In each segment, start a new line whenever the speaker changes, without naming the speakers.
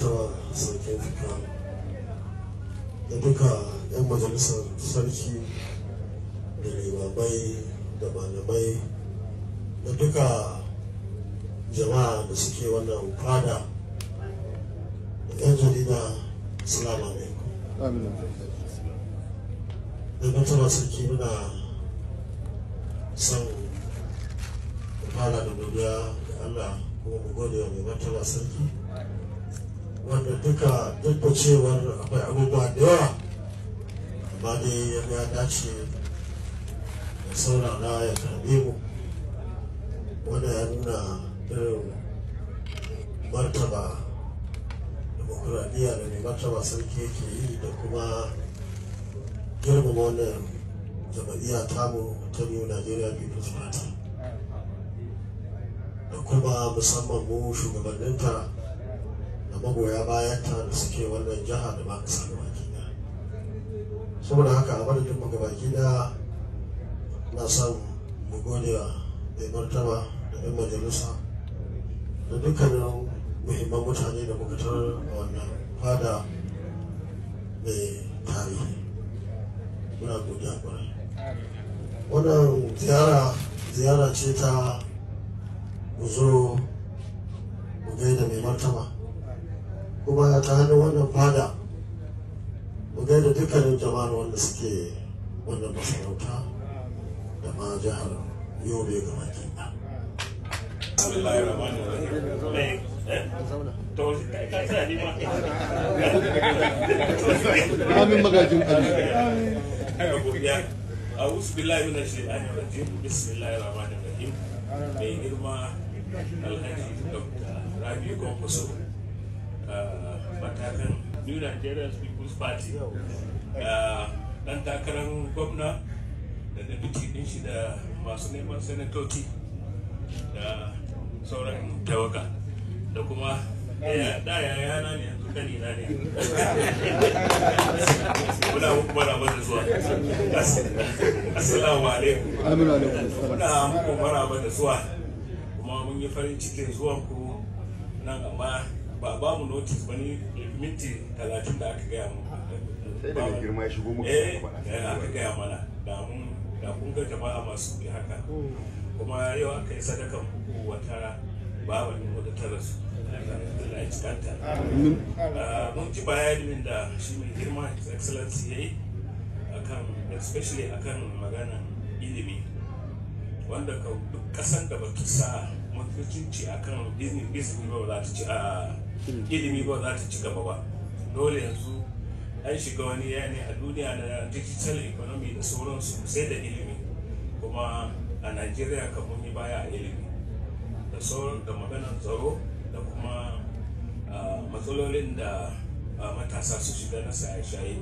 dattawa sarki tuka da duka 'yan majalisar sarki da limabai da malamai da duka jama'a da suke wannan fada da 'yan jarida salamu alaikum da mutuwa sarki muna son fada da godiya da allah kuma mu gode wa mai martaba sarki wanda duka duk da cewar akwai abubuwa da yawa ba dai ya dace da saurara ya karbe mu wanda ya nuna irin martaba demokuraɗiyya da mai martaba sarki yake yi da kuma girmama wannan jama'iyya tamu ta biyu najeriya people's party da kuma musamman mu shugabanninta da magoya bayan ta da suke wannan jiha da ba kasa gabaki da saboda haka a madadin mu gabaki da na son mu gode wa mai martaba da yan majalisa da dukkanin muhimman mutane da muka a wannan fada mai tarihi muna godiya kwarai wannan ziyara ce ta mu zo mu gaida mai martaba kuma ta hannun wannan fada mu gaida dukkanin jama'ar wanda suke wannan masarauta da ma jihar yobe gaba ɗaya. Amin magajin Ali. أعوذ بالله من الشيطان الرجيم بسم الله الرحمن الرحيم
بين ما الحديث دكتور كومبوسو matakan uh, new nigerian people's party uh, dan takarar gwamna da dabiti din shi da masu neman sanatoci da sauran tawaga da kuma da ya yana ne yanzu kani na ne muna muku bara bada zuwa assalamu alaikum muna muku bara bada zuwa kuma mun yi farin cikin zuwanku nan amma ba ba mu notice ba minti 30 da aka gaya mu sai daga girma ya shigo muka eh, eh aka gaya mana da mun da kun ga jama'a masu bi haka kuma yau aka yi sadaka ku wata bawa ne wata tara su Allah ya cikanta
ah, mun ji bayanin da shi mai girma his excellency yayi akan especially akan magana ilimi
wanda ka duk kasan da ba ta sa ci akan izini ba za ta ci a ah, ilimi ba za ta ci gaba ba dole yanzu an shiga wani yani a duniya na digital economy da sauransu sai da ilimi kuma a nigeria kan mun yi baya a ilimi da sauran da maganar tsaro da kuma matsalolin da matasa su shiga na shaye-shaye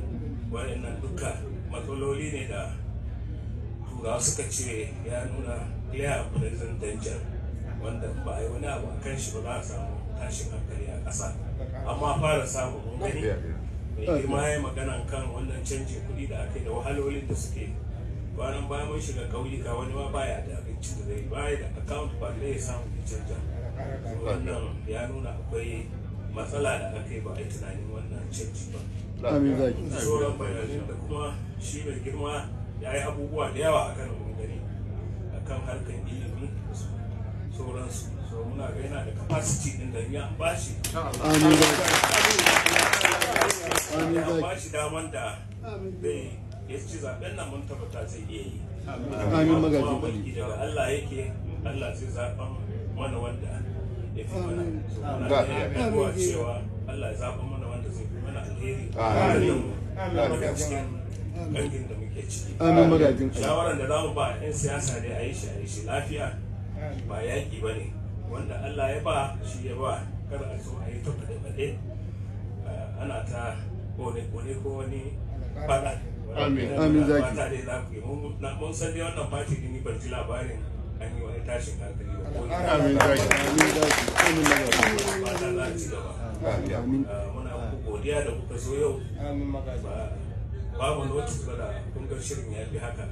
waɗannan duka matsaloli ne da turawa suka ce ya nuna clear present danger wanda ba a yi wani abu a kan shi ba za a samu tashin hankali a ƙasa amma fara samun gani mai girma ya magana kan wannan canjin kuɗi da aka yi da wahalolin da suke kwanan baya mun shiga ƙauyuka wani ma baya da abinci da zai baya da account ba ne ya samu ya canja wannan ya nuna akwai matsala da aka yi ba a yi tunanin wannan canji ba sauran bayanin da kuma shi mai girma ya yi abubuwa da yawa a kan gani a kan harkar ilimi sauransu so muna ga yana da capacity din da ya bashi ya bashi daman da bai ya ci zaben nan mun tabbata zai iya yi amin magajin bari daga Allah yake Allah zai zaben mana wanda ya fi mana so muna ga yana cewa Allah ya zaben mana wanda zai fi mana alheri amin amin gangin da muke ciki amin magajin shawaran da za mu ba 'yan siyasa ne a yi shi a yi shi lafiya ba yaƙi ba ne wanda allah ya ba shi ya ba kar a so a yi ta faɗe-faɗe ana
ta kone-kone ko wani faɗa amin amin zaki ba dai za ku
mun san dai wannan fati din ni ban labarin an
yi wani tashin hankali ba ko amin zaki amin zaki amin zaki ba ta za ci amin muna
godiya da kuka so yau amin magaji babu notice ba da kungan shirin ya fi haka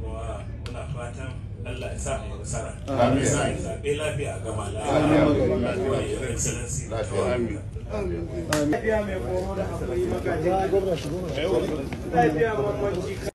Wa muna fatan Allah ya sa mu nasara amin sai zabe lafiya ga malama amin ya excellency amin
amin lafiya mai da akwai magajin lafiya